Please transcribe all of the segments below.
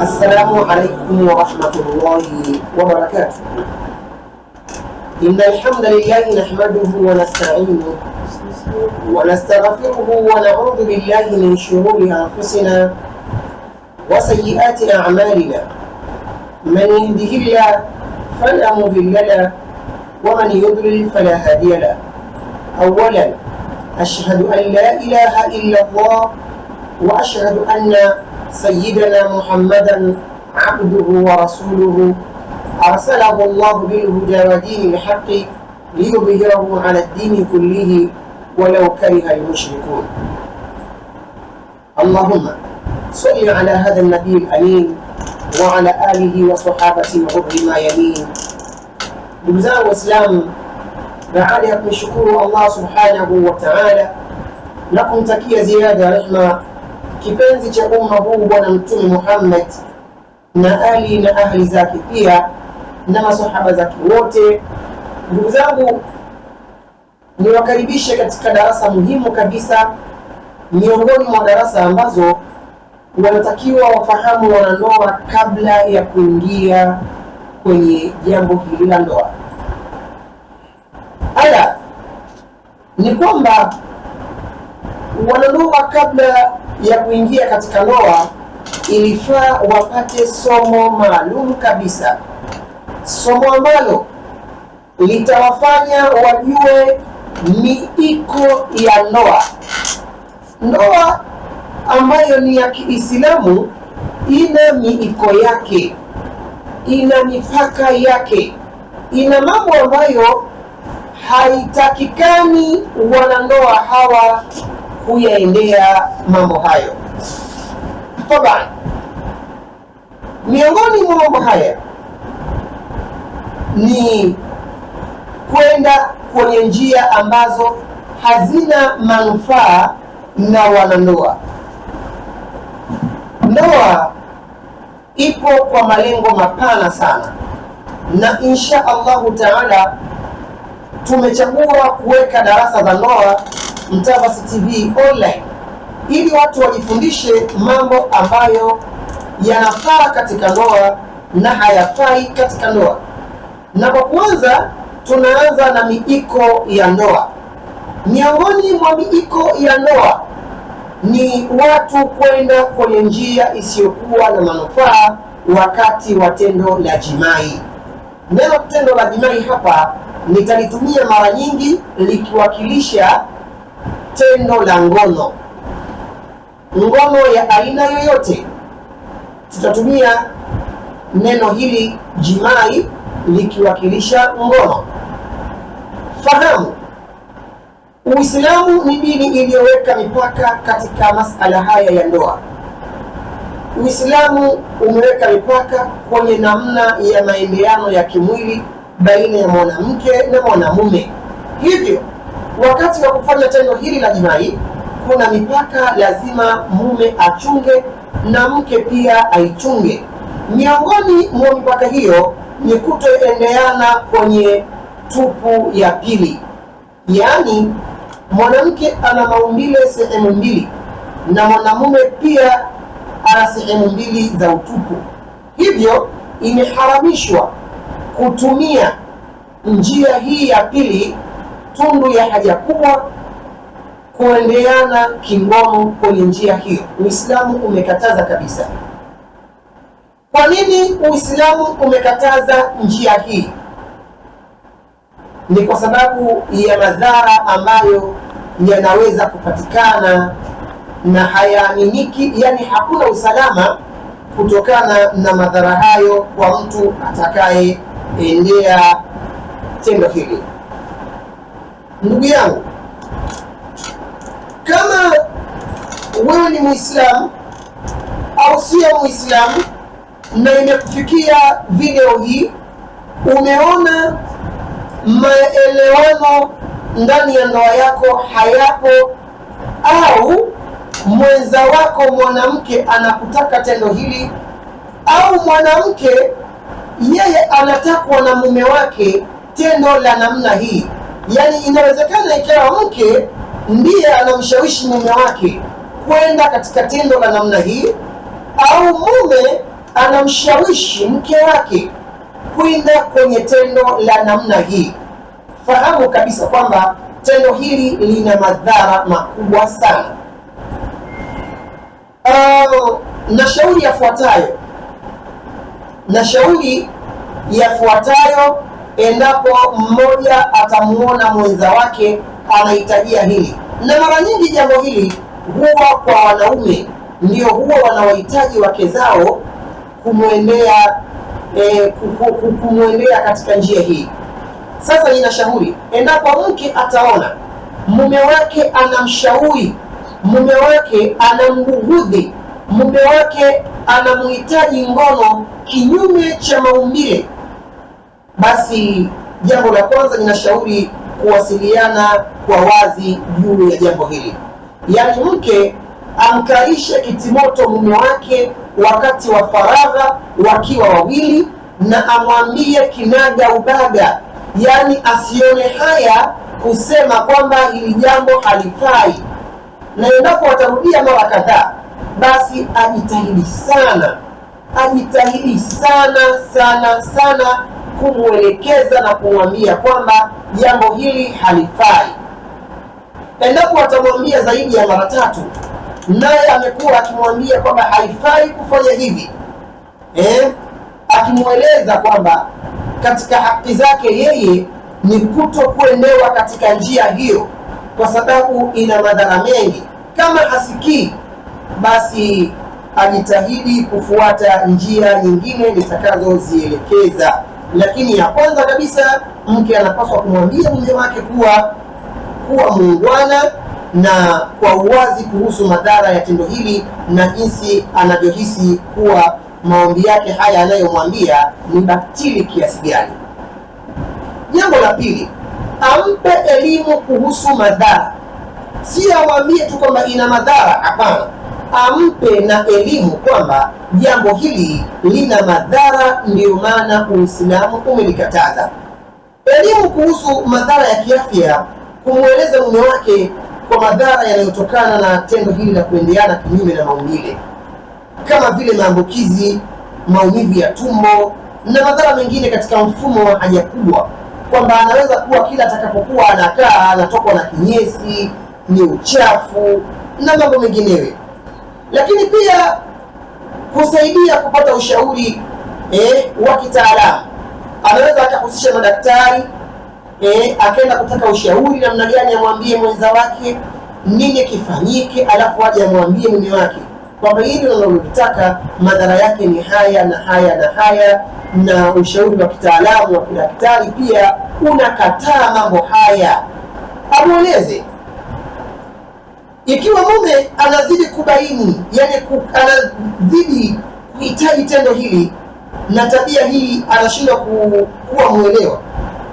السلام عليكم ورحمة الله وبركاته إن الحمد لله نحمده ونستعينه ونستغفره ونعوذ بالله من شرور أنفسنا وسيئات أعمالنا من يهده الله فلا مضل له ومن يضلل فلا هادي له أولا أشهد أن لا إله إلا الله وأشهد أن سيدنا محمدا عبده ورسوله أرسله الله بالهدى ودين الحق ليظهره على الدين كله ولو كره المشركون اللهم صل على هذا النبي الأمين وعلى آله وصحابته غر ما يمين بزار zangu baada ya kumshukuru Allah subhanahu wa ta'ala na kumtakia ziada ya rehma kipenzi cha umma huu Bwana Mtume Muhammad na Ali na ahli zake pia na masahaba zake wote. Ndugu zangu, niwakaribishe katika darasa muhimu kabisa miongoni mwa darasa ambazo wanatakiwa wafahamu wanandoa kabla ya kuingia kwenye jambo hili la ndoa haya ni kwamba wanandoa kabla ya kuingia katika ndoa ilifaa wapate somo maalum kabisa, somo ambalo litawafanya wajue miiko ya ndoa. Ndoa ambayo ni ya Kiislamu ina miiko yake, ina mipaka yake, ina mambo ambayo haitakikani wanandoa hawa kuyaendea mambo hayo. Taban, miongoni mwa mambo haya ni kwenda kwenye njia ambazo hazina manufaa na wanandoa. Ndoa ipo kwa malengo mapana sana, na insha Allahu taala tumechagua kuweka darasa za ndoa Mtavassy TV online ili watu wajifundishe mambo ambayo yanafaa katika ndoa na hayafai katika ndoa. Na kwa kwanza tunaanza na miiko ya ndoa. Miongoni mwa miiko ya ndoa ni watu kwenda kwenye njia isiyokuwa na manufaa wakati wa tendo la jimai. Neno tendo la jimai hapa nitalitumia mara nyingi likiwakilisha tendo la ngono, ngono ya aina yoyote. Tutatumia neno hili jimai likiwakilisha ngono. Fahamu, Uislamu ni dini iliyoweka mipaka katika masala haya ya ndoa. Uislamu umeweka mipaka kwenye namna ya maendeano ya kimwili baina ya mwanamke na mwanamume. Hivyo wakati wa kufanya tendo hili la jimai, kuna mipaka lazima mume achunge na mke pia aichunge. Miongoni mwa mipaka hiyo ni kutoendeana kwenye tupu ya pili, yaani mwanamke ana maumbile sehemu mbili na mwanamume pia ana sehemu mbili za utupu, hivyo imeharamishwa kutumia njia hii ya pili, tundu ya haja kubwa kuendeana kingono kwenye njia hiyo, Uislamu umekataza kabisa. Kwa nini Uislamu umekataza njia hii? Ni kwa sababu ya madhara ambayo yanaweza kupatikana na hayaaminiki, yani hakuna usalama kutokana na madhara hayo kwa mtu atakaye endea tendo hili. Ndugu yangu, kama wewe ni Muislamu au sio Muislamu na imekufikia video hii, umeona maelewano ndani ya ndoa yako hayapo, au mwenza wako mwanamke anakutaka tendo hili, au mwanamke yeye anatakwa na mume wake tendo la namna hii. Yani inawezekana ikawa mke ndiye anamshawishi mume wake kwenda katika tendo la namna hii, au mume anamshawishi mke wake kwenda kwenye tendo la namna hii. Fahamu kabisa kwamba tendo hili lina madhara makubwa sana. Uh, na shauri yafuatayo na shauri yafuatayo endapo mmoja atamuona mwenza wake anahitajia hili. Na mara nyingi jambo hili huwa kwa wanaume ndio huwa wanawahitaji wake zao kumwendea e, kumwendea katika njia hii. Sasa ninashauri endapo mke ataona mume wake anamshauri, mume wake anambughudhi, mume wake anamuhitaji ngono kinyume cha maumbile, basi jambo la kwanza ninashauri kuwasiliana kwa wazi juu ya jambo hili, yaani mke amkalishe kitimoto mume wake wakati wa faragha wakiwa wawili, na amwambie kinaga ubaga, yaani asione haya kusema kwamba hili jambo halifai, na endapo watarudia mara kadhaa basi ajitahidi sana, ajitahidi sana sana sana kumwelekeza na kumwambia kwamba jambo hili halifai. Endapo atamwambia zaidi ya mara tatu, naye amekuwa akimwambia kwamba haifai kufanya hivi eh, akimweleza kwamba katika haki zake yeye ni kuto kuendewa katika njia hiyo, kwa sababu ina madhara mengi. Kama hasikii basi ajitahidi kufuata njia nyingine nitakazozielekeza. Lakini ya kwanza kabisa, mke anapaswa kumwambia mume wake kuwa kuwa muungwana na kwa uwazi kuhusu madhara ya tendo hili na jinsi anavyohisi kuwa maombi yake haya anayomwambia ni batili kiasi gani. Jambo la pili, ampe elimu kuhusu madhara, si amwambie tu kwamba ina madhara. Hapana, ampe na elimu kwamba jambo hili lina madhara, ndiyo maana Uislamu umelikataza. Elimu kuhusu madhara ya kiafya, kumweleza mume wake kwa madhara yanayotokana na tendo hili la kuendeana kinyume na maumbile, kama vile maambukizi, maumivu ya tumbo na madhara mengine katika mfumo wa haja kubwa, kwamba anaweza kuwa kila atakapokuwa anakaa anatokwa na kinyesi, ni uchafu na mambo mengineyo lakini pia kusaidia kupata ushauri eh, wa kitaalamu. Anaweza akahusisha madaktari eh, akaenda kutaka ushauri namna gani amwambie mwenza wake nini kifanyike, alafu aje amwambie mume wake kwamba hili unalolitaka madhara yake ni haya na haya na haya, na ushauri wa kitaalamu wa kidaktari pia unakataa mambo haya, amweleze ikiwa mume anazidi kubaini, yani ku, anazidi kuhitaji tendo hili na tabia hii anashindwa kuwa mwelewa,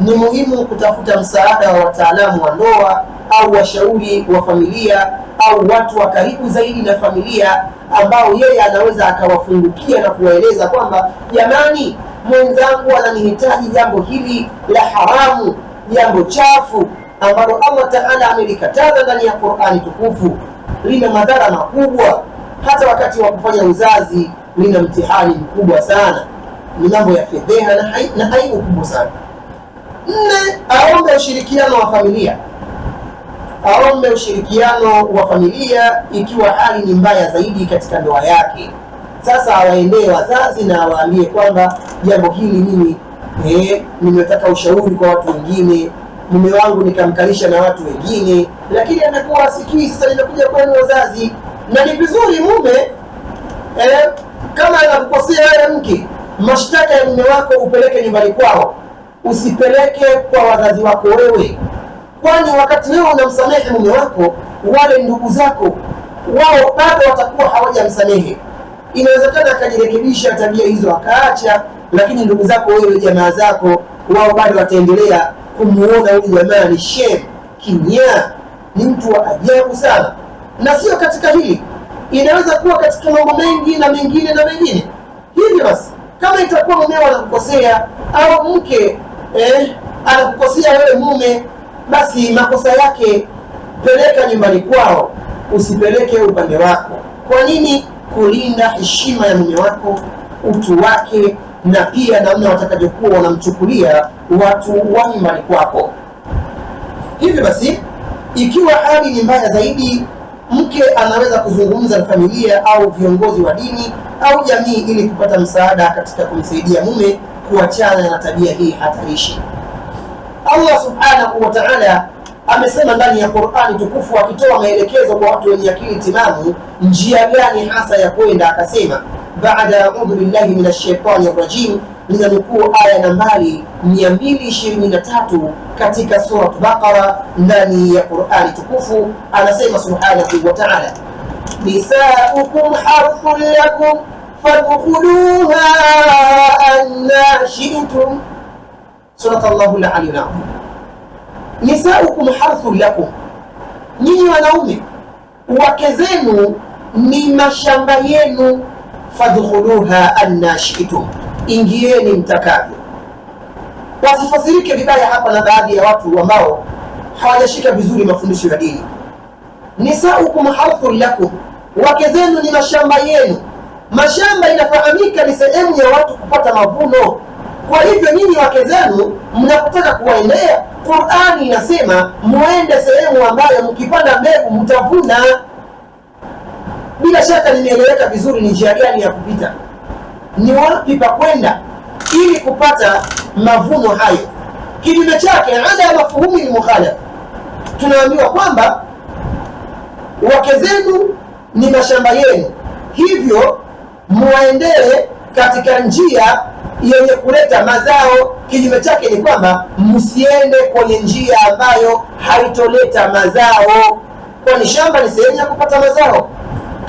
ni muhimu kutafuta msaada wa wataalamu wa ndoa au washauri wa familia au watu wa karibu zaidi na familia, ambao yeye anaweza akawafungukia na kuwaeleza kwamba jamani, mwenzangu ananihitaji jambo hili la haramu, jambo chafu ambalo Allah Taala amelikataza ndani ya Qur'ani tukufu lina madhara makubwa. Hata wakati wa kufanya uzazi lina mtihani mkubwa sana, ni mambo ya fedheha na aibu kubwa sana. Nne, aombe ushirikiano wa familia, aombe ushirikiano wa familia ikiwa hali ni mbaya zaidi katika ndoa yake. Sasa awaendee wazazi na awaambie kwamba jambo hili mimi eh, nimetaka ushauri kwa watu wengine mume wangu nikamkalisha na watu wengine, lakini anakuwa asikii. Sasa nimekuja kwenu wazazi, na ni vizuri mume eh, kama anakukosea wewe mke, mashtaka ya mume wako upeleke nyumbani kwao, usipeleke kwa wazazi wako wewe, kwani wakati wewe unamsamehe mume wako, wale ndugu zako wao bado watakuwa hawajamsamehe. Inawezekana akajirekebisha tabia hizo akaacha, lakini ndugu zako wewe, jamaa zako, wao bado wataendelea kumuona huyu jamaa ni shehe kimya, ni mtu wa ajabu sana. Na sio katika hili, inaweza kuwa katika mambo mengi na mengine na mengine. Hivi basi, kama itakuwa mumeo anakukosea au mke eh, anakukosea wewe mume, basi makosa yake peleka nyumbani kwao, usipeleke upande wako. Kwa nini? Kulinda heshima ya mume wako, utu wake na pia namna watakavyokuwa wanamchukulia watu wa nyumbani kwako. Hivyo basi, ikiwa hali ni mbaya zaidi, mke anaweza kuzungumza na familia au viongozi wa dini au jamii ili kupata msaada katika kumsaidia mume kuachana na tabia hii hatarishi. Allah subhanahu wa ta'ala amesema ndani ya Qur'ani tukufu akitoa maelekezo kwa watu wenye akili timamu njia gani hasa ya kwenda, akasema baada ya audhu billahi min ashaitani rajim. Ninanukuu aya nambari 223 katika Surat Baqara ndani ya Qurani tukufu, anasema subhanahu wa taala, nisaukum harthun lakum fadkhuluha anna shi'tum. Surat Allahu al-Aliyyul Azim. Nisaukum harthun lakum, nyinyi wanaume wake zenu ni mashamba yenu fadkhuluha anna shi'tum, ingieni mtakavyo. Wasifasirike vibaya hapa na baadhi ya watu ambao hawajashika vizuri mafundisho ya dini. Nisaukum harthun lakum, wake zenu ni mashamba yenu. Mashamba inafahamika ni sehemu ya watu kupata mavuno. Kwa hivyo nyinyi wake zenu mnapotaka kuwaendea, Qur'ani inasema muende sehemu ambayo mkipanda mbegu mtavuna bila shaka limeeleweka vizuri, ni njia gani ya kupita, ni wapi pa kwenda ili kupata mavuno hayo. Kinyume chake, ada ya mafuhumu ni mukhalaf. tunaambiwa kwamba wake zenu ni mashamba yenu, hivyo muwaendee katika njia yenye kuleta mazao. Kinyume chake ni kwamba msiende kwenye njia ambayo haitoleta mazao, kwani shamba ni sehemu ya kupata mazao.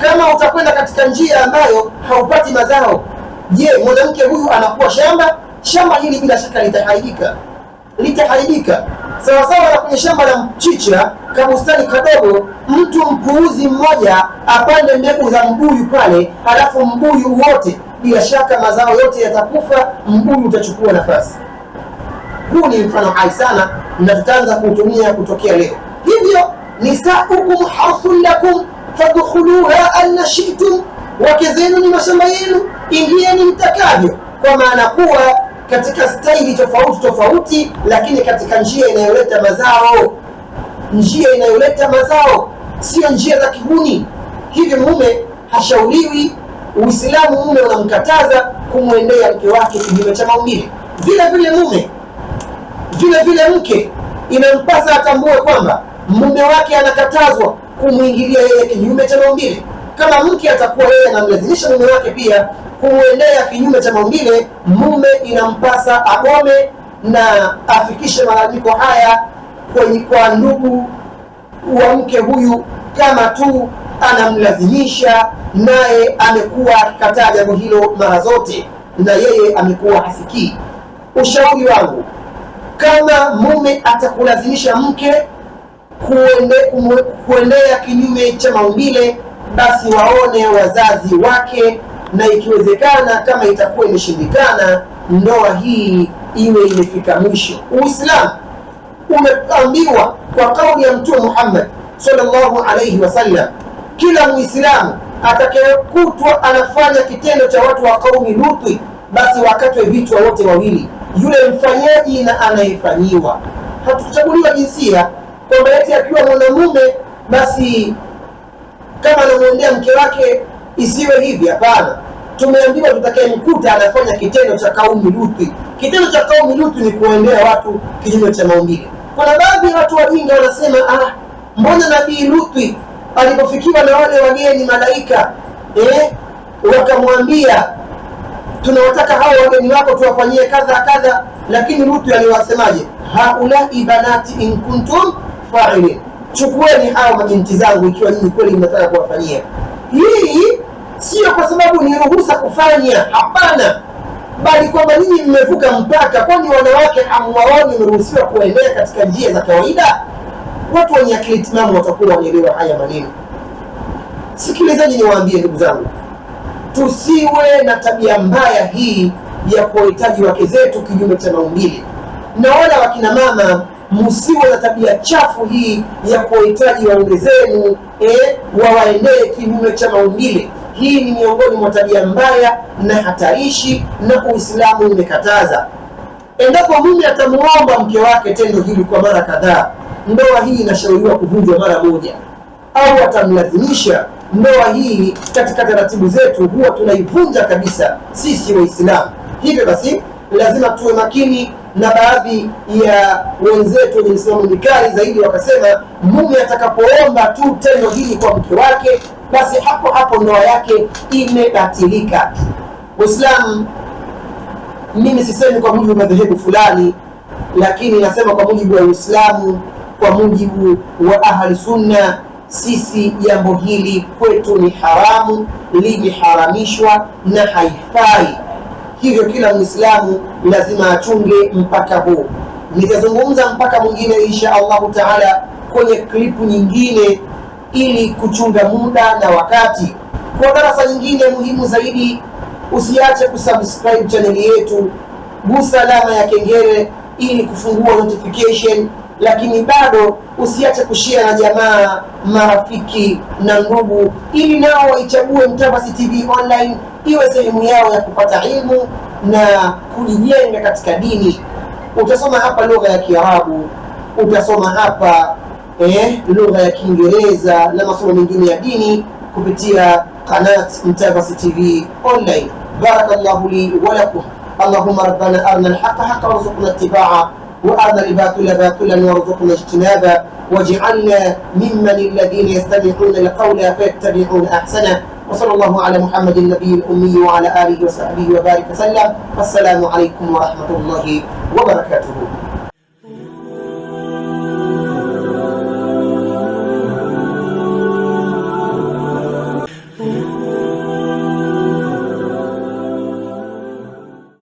Kama utakwenda katika njia ambayo haupati mazao, je, mwanamke huyu anakuwa shamba? Shamba hili bila shaka litaharibika, litaharibika sawasawa na kwenye shamba la mchicha kabustani kadogo, mtu mpuuzi mmoja apande mbegu za mbuyu pale, halafu mbuyu wote, bila shaka mazao yote yatakufa, mbuyu utachukua nafasi. Huu ni mfano hai sana na tutaanza kuutumia kutokea leo. Hivyo nisaukum harthun lakum fadkhuluha anna shi'tum, wake zenu ni mashamba yenu, ingieni mtakavyo. Kwa maana kuwa katika staili tofauti tofauti, lakini katika njia inayoleta mazao, njia inayoleta mazao, sio njia za kihuni. Hivyo mume hashauriwi, Uislamu mume unamkataza kumwendea mke wake kinyume cha maumbile. Vile vile mume vile vile mke inampasa atambue kwamba mume wake anakatazwa kumwingilia yeye kinyume cha maumbile. Kama mke atakuwa yeye anamlazimisha mume wake pia kumwendea kinyume cha maumbile, mume inampasa agome na afikishe malalamiko haya kwenye kwa ndugu wa mke huyu, kama tu anamlazimisha naye amekuwa akikataa jambo hilo mara zote, na yeye amekuwa hasikii. Ushauri wangu, kama mume atakulazimisha mke kuendea kinyume cha maumbile, basi waone wazazi wake, na ikiwezekana kama itakuwa imeshindikana, ndoa hii iwe imefika mwisho. Uislamu umeambiwa kwa kauli ya Mtume Muhammad sallallahu alayhi wasallam, kila Muislamu atakayekutwa anafanya kitendo cha watu wa kaumi Luti, basi wakatwe vichwa wote wawili, yule mfanyaji na anayefanyiwa. Hatukuchaguliwa jinsia kwamba eti akiwa mwanamume basi kama anamwendea mke wake isiwe hivi. Hapana, tumeambiwa tutakayemkuta anafanya kitendo cha kaumi luti Kitendo cha kaumi Luthi ni kuendea watu kinyume cha maumbile. Kuna baadhi ya watu wajinga wanasema ah, mbona nabii Luthi alipofikiwa na wale wageni malaika eh, wakamwambia tunawataka hao wageni wako tuwafanyie kadha kadha, lakini Luthi aliwasemaje? haulai banati in kuntum faili, chukueni hao mabinti zangu, ikiwa nini kweli mnataka kuwafanyia hii. Sio kwa sababu ni ruhusa kufanya, hapana, bali kwamba nini mmevuka mpaka. Kwani wanawake hamwaoni mruhusiwa kuendea katika njia za kawaida? Watu wenye akili timamu watakuwa wanaelewa haya maneno. Sikilizaji, niwaambie ndugu zangu, tusiwe na tabia mbaya hii ya kuwahitaji wake zetu kinyume cha maumbile na wala wakina mama msiwe na tabia chafu hii ya kuwahitaji waume zenu eh, wawaendee kinyume cha maumbile. Hii ni miongoni mwa tabia mbaya na hatarishi, na Uislamu umekataza. Endapo mume atamuomba mke wake tendo hili kwa mara kadhaa, ndoa hii inashauriwa kuvunjwa mara moja, au atamlazimisha ndoa hii. Katika taratibu zetu huwa tunaivunja kabisa sisi Waislamu, hivyo basi lazima tuwe makini na baadhi ya wenzetu wenye msimamo mkali zaidi wakasema, mume atakapoomba tu tendo hili kwa mke wake, basi hapo hapo ndoa yake imebatilika. Uislamu, mimi sisemi kwa mujibu wa madhehebu fulani, lakini nasema kwa mujibu wa Uislamu, kwa mujibu wa ahli sunna sisi jambo hili kwetu ni haramu, limeharamishwa na haifai hivyo kila Muislamu lazima achunge mpaka huu. Nitazungumza mpaka mwingine insha Allahu taala kwenye klipu nyingine, ili kuchunga muda na wakati. Kwa darasa nyingine muhimu zaidi, usiache kusubscribe chaneli yetu, gusa alama ya kengele ili kufungua notification, lakini bado usiache kushare na jamaa, marafiki na ndugu, ili nao waichague Mtavassy TV online iwe sehemu yao ya kupata ilmu na kujijenga katika dini. Utasoma hapa lugha ya Kiarabu, utasoma hapa eh, lugha ya Kiingereza na masomo mengine ya dini kupitia qanat Mtavassy TV online. Barakallahu li wa lakum. Allahumma rabbana arna alhaqa haqqan warzuqna ittibaa wa وأرنا الباطل باطلا وارزقنا اجتنابه واجعلنا ممن الذين يستمعون القول فيتبعون ahsana وصلى الله على محمد النبي الأمي وعلى آله وصحبه وبارك وسلم والسلام عليكم ورحمة الله وبركاته